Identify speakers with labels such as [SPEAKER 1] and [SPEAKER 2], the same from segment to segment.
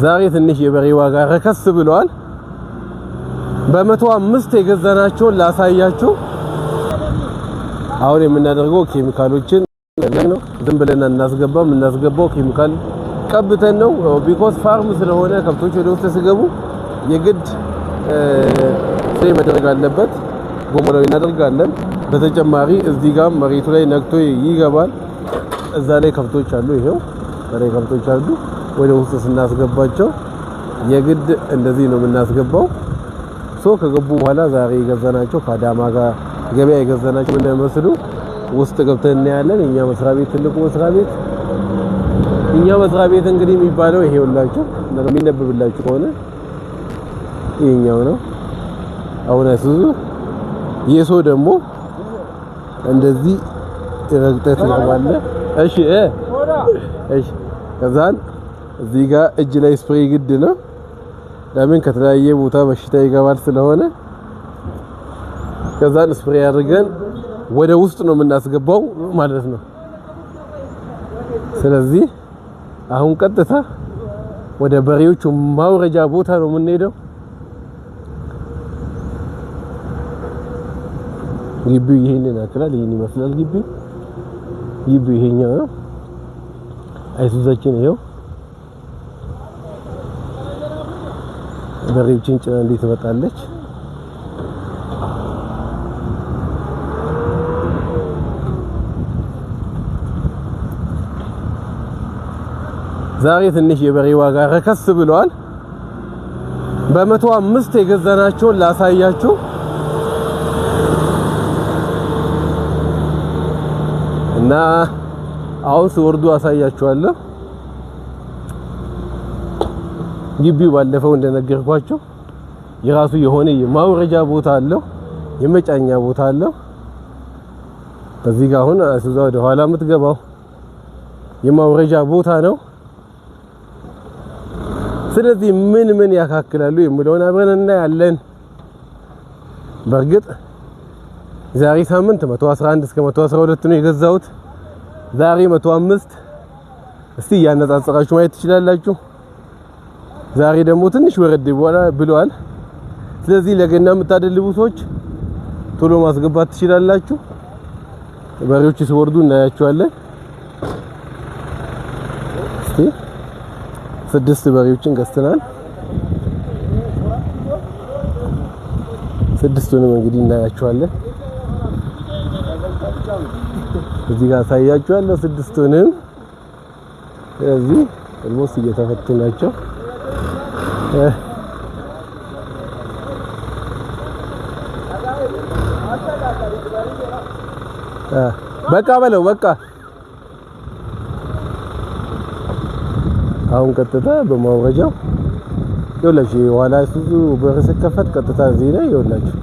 [SPEAKER 1] ዛሬ ትንሽ የበሬ ዋጋ ረከስ ብሏል። በመቶ አምስት የገዛናቸውን ላሳያችሁ። አሁን የምናደርገው ኬሚካሎችን ነው። ዝም ብለን እናስገባም። እናስገባው ኬሚካል ቀብተን ነው። ቢኮስ ፋርም ስለሆነ ከብቶች ወደ ውስጥ ሲገቡ የግድ ስሬ መደረግ አለበት። ጎመራዊ እናደርጋለን። በተጨማሪ እዚህ ጋር መሬቱ ላይ ነክቶ ይገባል። እዛ ላይ ከብቶች አሉ። ይሄው በሬ ከብቶች አሉ። ወደ ውስጥ ስናስገባቸው የግድ እንደዚህ ነው የምናስገባው። ሶ ከገቡ በኋላ ዛሬ የገዛናቸው ከአዳማ ጋር ገበያ የገዛናቸው እንዳይመስሉ ውስጥ ገብተን እናያለን። እኛ መስሪያ ቤት ትልቁ መስሪያ ቤት እኛ መስሪያ ቤት እንግዲህ የሚባለው ይሄውላችሁ የሚነበብላችሁ ከሆነ ይሄኛው ነው። አሁን አይሱዙ የሶ ደግሞ እንደዚህ ረግጠት ነው ማለት እሺ እሺ ከዛን እዚህ ጋር እጅ ላይ ስፕሬይ ግድ ነው። ለምን ከተለያየ ቦታ በሽታ ይገባል ስለሆነ ከዛን ስፕሬይ አድርገን ወደ ውስጥ ነው የምናስገባው ማለት ነው። ስለዚህ አሁን ቀጥታ ወደ በሬዎቹ ማውረጃ ቦታ ነው የምንሄደው። ግቢው ይሄንን ያክላል። ይሄን ይመስላል ግቢው። ግቢው ይሄኛው ነው። አይሱዛችን ይሄው በሬዎችን ጭና እንዴት ትመጣለች? ዛሬ ትንሽ የበሬ ዋጋ ረከስ ብሏል በመቶ አምስት የገዛናቸውን ላሳያችሁ። እና አሁን ስወርዱ አሳያችኋለሁ። ግቢው ባለፈው እንደነገርኳችሁ የራሱ የሆነ የማውረጃ ቦታ አለው፣ የመጫኛ ቦታ አለው። በዚህ ጋር አሁን እሱዛ ወደ ኋላ የምትገባው የማውረጃ ቦታ ነው። ስለዚህ ምን ምን ያካክላሉ የሚለውን አብረን እናያለን። በእርግጥ ዛሬ ሳምንት 111 እስከ 112 ነው የገዛሁት። ዛሬ 105 እስቲ እያነጻጸራችሁ ማየት ትችላላችሁ። ዛሬ ደግሞ ትንሽ ወረድ በኋላ ብለዋል። ስለዚህ ለገና የምታደልቡ ሰዎች ቶሎ ማስገባት ትችላላችሁ። በሬዎች ሲወርዱ እናያቸዋለን። እስቲ ስድስት በሬዎችን ገዝተናል። ስድስቱንም እንግዲህ እናያቸዋለን። እዚህ ጋር አሳያችኋለሁ ስድስቱንም። ስለዚህ ኦልሞስት እየተፈቱ ናቸው። በቃ በለው በቃ። አሁን ቀጥታ በማውረጃው ይኸውላችሁ የኋላ ሱዙ በር ሲከፈት ቀጥታ እዚህ ላይ ይኸውላችሁ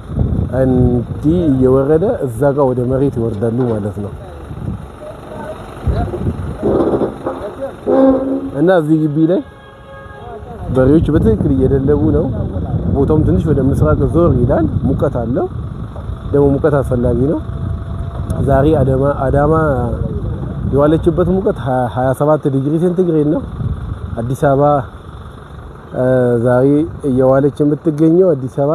[SPEAKER 1] እንዲህ እየወረደ እዛ ጋር ወደ መሬት ይወርዳሉ ማለት ነው። እና እዚህ ግቢ ላይ በሬዎች በትክክል እየደለቡ ነው። ቦታውም ትንሽ ወደ ምስራቅ ዞር ይላል። ሙቀት አለው ደግሞ ሙቀት አስፈላጊ ነው። ዛሬ አዳማ አዳማ የዋለችበት ሙቀት 27 ዲግሪ ሴንቲግሬድ ነው። አዲስ አበባ ዛሬ እየዋለች የምትገኘው አዲስ አበባ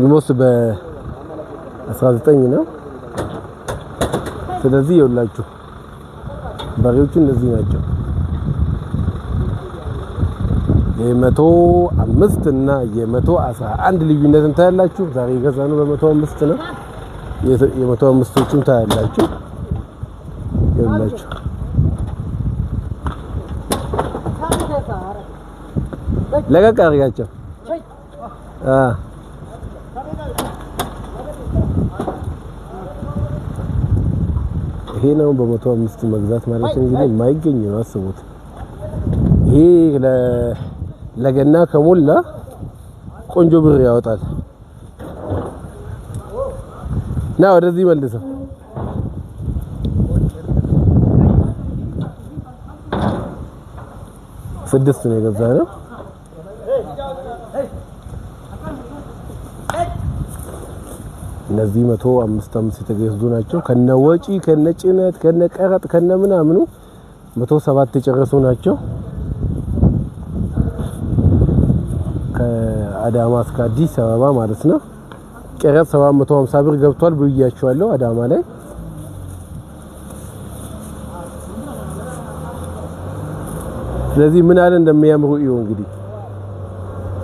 [SPEAKER 1] ኦልሞስት በ19 ነው። ስለዚህ ይኸውላችሁ በሬዎቹ እንደዚህ ናቸው። የመቶ አምስት እና የመቶ አስራ አንድ ልዩነትን ታያላችሁ። ዛሬ የገዛ ነው በመቶ አምስት ነው። የመቶ አምስቶቹን ታያላችሁ ይላችሁ ለቀቅ አድርጋቸው። ይሄ ነው በመቶ አምስት መግዛት ማለት እንግዲህ የማይገኝ ነው። አስቡት ይሄ ለገና ከሞላ ቆንጆ ብር ያወጣል። ና ወደዚህ መልሰው ስድስት ነው የገዛ ነው። እነዚህ መቶ አምስት አምስት የተገዙ ናቸው። ከነ ወጪ ከነ ጭነት ከነ ቀረጥ ከነ ምናምኑ መቶ ሰባት የጨረሱ ናቸው። አዳማ እስከ አዲስ አበባ ማለት ነው። ቀረጥ 750 ብር ገብቷል ብያቸዋለሁ። አዳማ ላይ ስለዚህ ምን አለ እንደሚያምሩ እዩ። እንግዲህ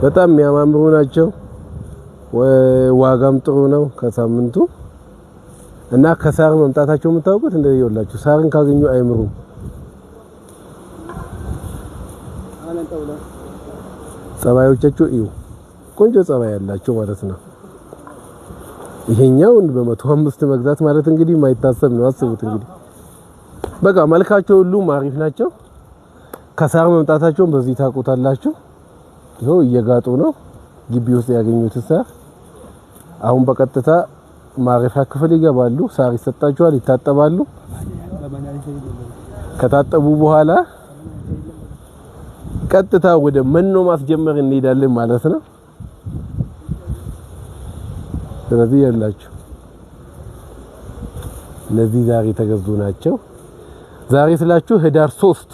[SPEAKER 1] በጣም የሚያማምሩ ናቸው። ዋጋም ጥሩ ነው። ከሳምንቱ እና ከሳር መምጣታቸው የምታውቁት እንደዚህ ይወላችሁ። ሳርን ካገኙ አይምሩም። ጸባዮቻቸው እዩ። ቆንጆ ጸባይ ያላቸው ማለት ነው። ይሄኛውን በመቶ አምስት መግዛት ማለት እንግዲህ የማይታሰብ ነው። አስቡት እንግዲህ በቃ መልካቸው ሁሉም አሪፍ ናቸው። ከሳር መምጣታቸውን በዚህ ታውቁታላችሁ። ይኸው እየጋጡ ነው ግቢ ውስጥ ያገኙት ሳር። አሁን በቀጥታ ማረፊያ ክፍል ይገባሉ። ሳር ይሰጣቸዋል፣ ይታጠባሉ። ከታጠቡ በኋላ ቀጥታ ወደ መኖ ማስጀመር እንሄዳለን ማለት ነው። ስለዚህ ያላችሁ እነዚህ ዛሬ የተገዙ ናቸው። ዛሬ ስላችሁ ህዳር ሶስት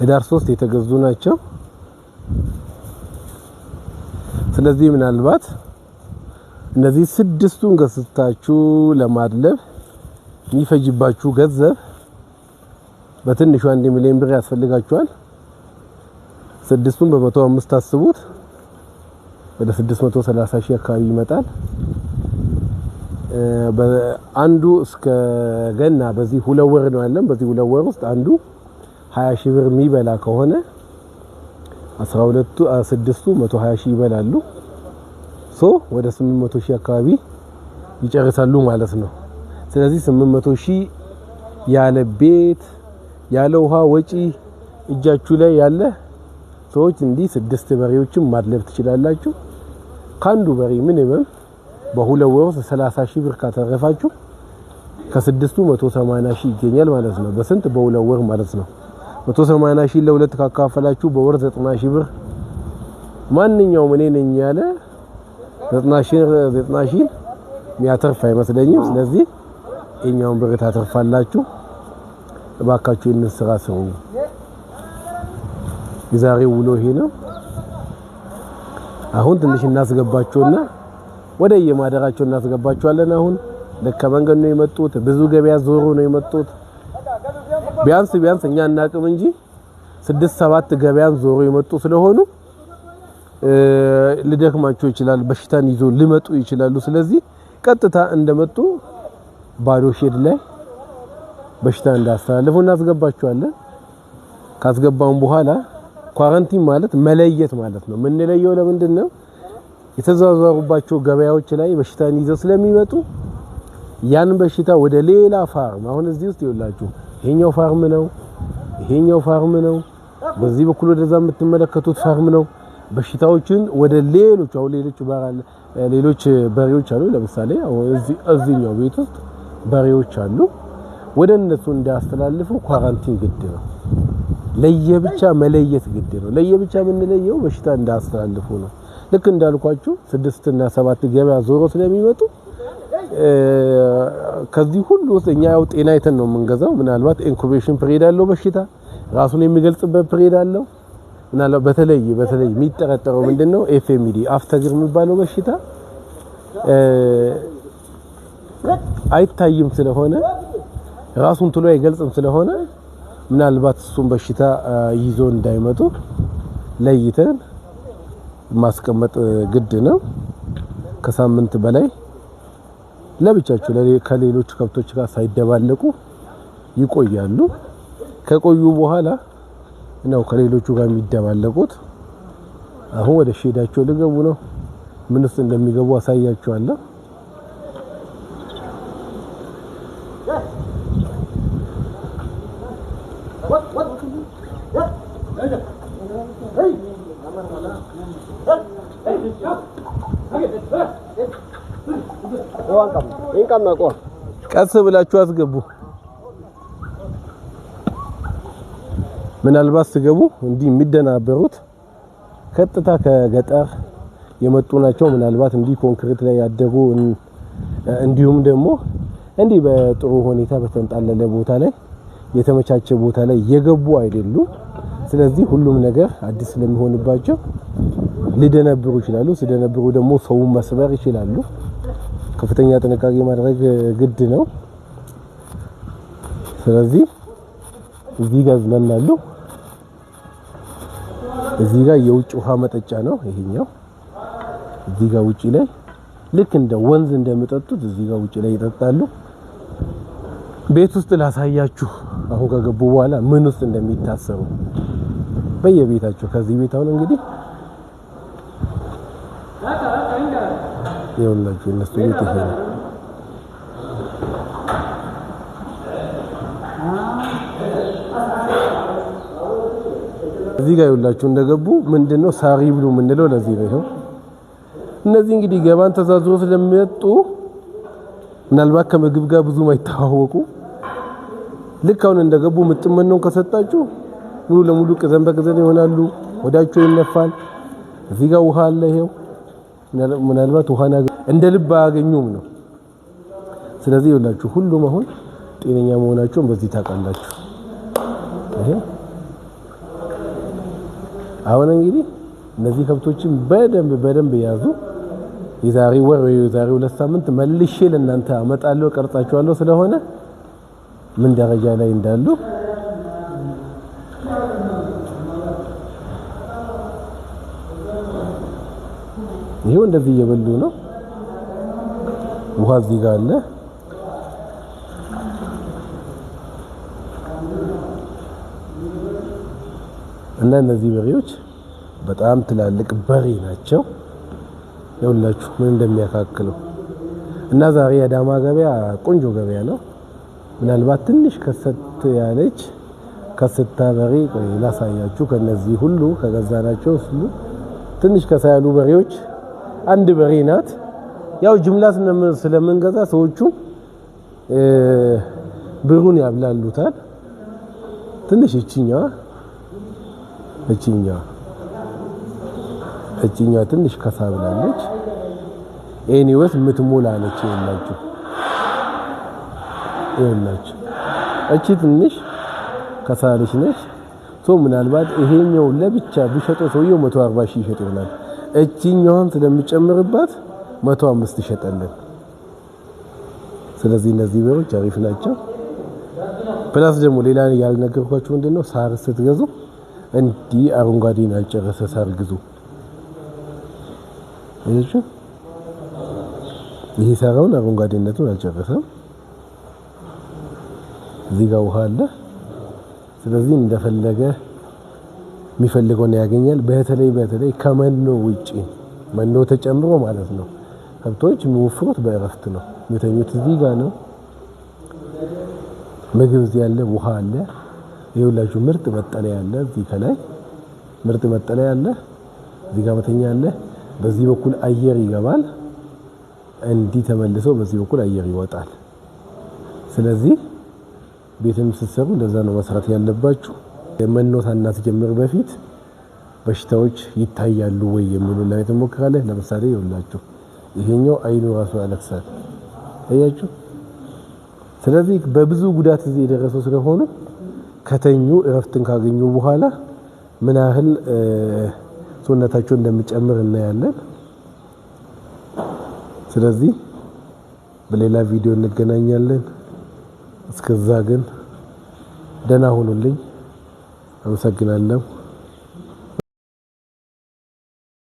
[SPEAKER 1] ህዳር 3 የተገዙ ናቸው። ስለዚህ ምናልባት እነዚህ ስድስቱን ገዝታችሁ ለማድለብ የሚፈጅባችሁ ገንዘብ በትንሹ አንድ ሚሊዮን ብር ያስፈልጋችኋል። ስድስቱን በመቶ አምስት አስቡት። ወደ 630 ሺህ አካባቢ ይመጣል። አንዱ እስከ ገና በዚህ ሁለት ወር ነው ያለን። በዚህ ሁለት ወር ውስጥ አንዱ 20 ሺህ ብር የሚበላ ከሆነ 12ቱ ስድስቱ 120 ሺህ ይበላሉ። ሶ ወደ 800 ሺህ አካባቢ ይጨርሳሉ ማለት ነው። ስለዚህ 800 ሺህ ያለ ቤት ያለ ውሃ ወጪ እጃችሁ ላይ ያለ ሰዎች እንዲህ ስድስት በሬዎችን ማድለብ ትችላላችሁ። ከአንዱ በሬ ሚኒመም በሁለት ወር ውስጥ 30 ሺህ ብር ካተረፋችሁ ከስድስቱ 180 ሺህ ይገኛል ማለት ነው። በስንት በሁለት ወር ማለት ነው። 180 ሺህ ለሁለት ካካፈላችሁ በወር 90 ሺህ ብር ማንኛውም እኔ ነኝ ያለ 90 ሺህ 90 ሺህ የሚያተርፍ አይመስለኝም። ስለዚህ የኛውን ብር ታተርፋላችሁ። እባካችሁ ይህንን ስራ ስሩ። የዛሬው ውሎ ይሄ ነው። አሁን ትንሽ እናስገባቸውና ወደ የማደራቸው እናስገባቸዋለን። አሁን ለከመንገድ ነው የመጡት። ብዙ ገበያ ዞሮ ነው የመጡት። ቢያንስ ቢያንስ እኛ እናቅም እንጂ ስድስት ሰባት ገበያን ዞሮ የመጡ ስለሆኑ ልደክማቸው ይችላል። በሽታን ይዞ ሊመጡ ይችላሉ። ስለዚህ ቀጥታ እንደመጡ ባዶ ሼድ ላይ በሽታ እንዳስተላልፉ እናስገባቸዋለን። ካስገባውን በኋላ ኳረንቲን ማለት መለየት ማለት ነው። የምንለየው ለምንድን ነው? የተዘዋወሩባቸው ገበያዎች ላይ በሽታን ይዘው ስለሚመጡ ያን በሽታ ወደ ሌላ ፋርም አሁን እዚህ ውስጥ ይውላችሁ ይሄኛው ፋርም ነው፣ ይሄኛው ፋርም ነው፣ በዚህ በኩል ወደዛ የምትመለከቱት ፋርም ነው። በሽታዎችን ወደ ሌሎች አሁን ሌሎች ባራል ሌሎች በሬዎች አሉ። ለምሳሌ እዚህኛው ቤት ውስጥ በሬዎች አሉ። ወደ እነሱ እንዳያስተላልፉ ኳራንቲን ግድ ነው። ለየብቻ መለየት ግድ ነው። ለየብቻ የምንለየው በሽታ እንዳስተላልፉ ነው። ልክ እንዳልኳችሁ ስድስት እና ሰባት ገበያ ዞሮ ስለሚመጡ ከዚህ ሁሉ ውስጥ እኛ ያው ጤና አይተን ነው የምንገዛው። ምናልባት ኢንኩቤሽን ፕሬድ አለው በሽታ ራሱን የሚገልጽበት ፕሬድ አለው። ምናልባት በተለይ በተለይ የሚጠረጠረው ምንድነው ኤፍኤምዲ አፍተግር የሚባለው በሽታ አይታይም ስለሆነ ራሱን ትሎ አይገልጽም ስለሆነ ምናልባት እሱን በሽታ ይዞ እንዳይመጡ ለይተን ማስቀመጥ ግድ ነው። ከሳምንት በላይ ለብቻቸው ከሌሎች ከብቶች ጋር ሳይደባለቁ ይቆያሉ። ከቆዩ በኋላ ነው ከሌሎቹ ጋር የሚደባለቁት። አሁን ወደ ሼዳቸው ሊገቡ ነው። ምንስ እንደሚገቡ አሳያቸዋለሁ። ቀስ ብላችሁ አስገቡ። ምናልባት ስገቡ እንዲህ የሚደናበሩት ቀጥታ ከገጠር የመጡ ናቸው። ምናልባት እንዲህ ኮንክሪት ላይ ያደጉ እንዲሁም ደግሞ እንዲህ በጥሩ ሁኔታ በተንጣለለ ቦታ ላይ የተመቻቸ ቦታ ላይ የገቡ አይደሉም። ስለዚህ ሁሉም ነገር አዲስ ስለሚሆንባቸው ሊደነብሩ ይችላሉ። ሲደነብሩ ደግሞ ሰውን መስበር ይችላሉ። ከፍተኛ ጥንቃቄ ማድረግ ግድ ነው። ስለዚህ እዚህ ጋር ዝናናሉ። እዚህ ጋር የውጭ ውሃ መጠጫ ነው ይሄኛው። እዚህ ጋር ውጪ ላይ ልክ እንደ ወንዝ እንደሚጠጡት እዚህ ጋር ውጪ ላይ ይጠጣሉ። ቤት ውስጥ ላሳያችሁ አሁን ከገቡ በኋላ ምን ውስጥ እንደሚታሰሩ በየቤታቸው ከዚህ ቤት አሁን እንግዲህ ይኸውላችሁ እነሱ ቤት ይሄ ነው። እዚህ ጋር ይኸውላችሁ እንደገቡ ምንድነው ሳሪ ብሉ የምንለው ለዚህ ነው። እነዚህ እንግዲህ ገባን ተዛዝሮ ስለሚመጡ ምናልባት ከምግብ ጋር ብዙ ማይተዋወቁ ልክ አሁን እንደገቡ ምጥመነውን ከሰጣችሁ ሙሉ ለሙሉ ቅዘን በቅዘን ይሆናሉ። ወዳቸው ይነፋል። እዚህ ጋር ውሃ አለ ይሄው ምናልባት ውሃን እንደ ልብ አያገኙም ነው። ስለዚህ ይኸውላችሁ ሁሉም አሁን ጤነኛ መሆናቸውን በዚህ ታውቃላችሁ። አሁን እንግዲህ እነዚህ ከብቶችን በደንብ በደንብ ያዙ። የዛሬ ወር ወይ የዛሬ ሁለት ሳምንት መልሼ ለእናንተ አመጣለሁ፣ ቀርጻችኋለሁ ስለሆነ ምን ደረጃ ላይ እንዳሉ ይሄው እንደዚህ እየበሉ ነው። ውሃ እዚህ ጋር አለ። እና እነዚህ በሬዎች በጣም ትላልቅ በሬ ናቸው። ይኸውላችሁ ምን እንደሚያካክሉ እና ዛሬ የአዳማ ገበያ ቆንጆ ገበያ ነው። ምናልባት ትንሽ ከሰት ያለች ከስታ በሬ ላሳያችሁ። ከነዚህ ሁሉ ከገዛናቸው ሁሉ ትንሽ ከሳ ያሉ በሬዎች አንድ በሬ ናት። ያው ጅምላ ስለምንገዛ ሰዎቹ ብሩን ያብላሉታል። ትንሽ እችኛዋ እችኛዋ እችኛዋ ትንሽ ከሳ ብላለች። ይህን ህይወት ነች። ይላችሁ ይላችሁ እቺ ትንሽ ከሳለች ነች። ሶ ምናልባት ይሄኛው ለብቻ ቢሸጠው ሰውየው 140 ሺህ ይሸጥ ይሆናል። እቺኛውን ስለሚጨምርባት መቶ አምስት ይሸጠልን። ስለዚህ እነዚህ በሮች አሪፍ ናቸው። ፕላስ ደግሞ ሌላ ያልነገርኳችሁ ምንድነው ሳር ስትገዙ እንዲህ አረንጓዴ ያልጨረሰ ሳር ግዙ። አያችሁ ይሄ ሳራውን አረንጓዴነቱን አልጨረሰም። እዚህ ጋር ውሃ አለ። ስለዚህ እንደፈለገ የሚፈልገውን ያገኛል። በተለይ በተለይ ከመኖ ውጪ መኖ ተጨምሮ ማለት ነው። ከብቶች የሚወፍሩት በእረፍት ነው። የሚተኙት እዚህ ጋር ነው። ምግብ እዚህ አለ፣ ውሃ አለ። ይኸውላችሁ ምርጥ መጠለያ አለ። እዚህ ከላይ ምርጥ መጠለያ አለ። እዚህ ጋር መተኛ አለ። በዚህ በኩል አየር ይገባል። እንዲህ ተመልሰው በዚህ በኩል አየር ይወጣል። ስለዚህ ቤትም ስትሰሩ እንደዛ ነው መስራት ያለባችሁ። የመኖ ሳናስጀምር በፊት በሽታዎች ይታያሉ ወይ የሚሉ ላይ ትሞክራለህ። ለምሳሌ ይኸውላችሁ ይሄኛው አይኑ ራሱ ያለቅሳል። አያችሁ። ስለዚህ በብዙ ጉዳት እዚህ የደረሱ ስለሆኑ ከተኙ እረፍትን ካገኙ በኋላ ምን ያህል ሰውነታቸው እንደሚጨምር እናያለን። ስለዚህ በሌላ ቪዲዮ እንገናኛለን። እስከዛ ግን ደህና ሁኑልኝ። أنا أمسكنا لهم